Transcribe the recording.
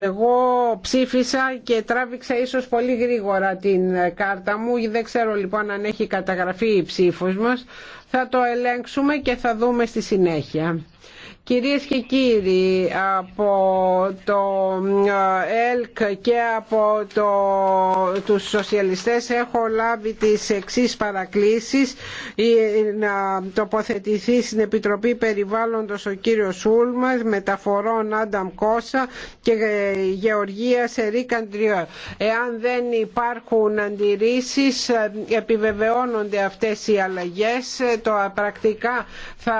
Εγώ ψήφισα και τράβηξα ίσως πολύ γρήγορα την κάρτα μου. Δεν ξέρω λοιπόν αν έχει καταγραφεί η ψήφος μας. Θα το ελέγξουμε και θα δούμε στη συνέχεια. Κυρίες και κύριοι, από το ε, ΕΛΚ και από το, τους σοσιαλιστές έχω λάβει τις εξής παρακλήσεις να τοποθετηθεί στην Επιτροπή Περιβάλλοντος ο κύριος Σούλμας, μεταφορών Άνταμ Κόσα και ε, Γεωργία Ερή Καντριό. Εάν δεν υπάρχουν αντιρρήσεις, ε, επιβεβαιώνονται αυτές οι αλλαγές το πρακτικά θα